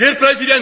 Herr Präsident!